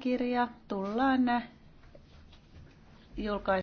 kirja tullaan julkaisemaan.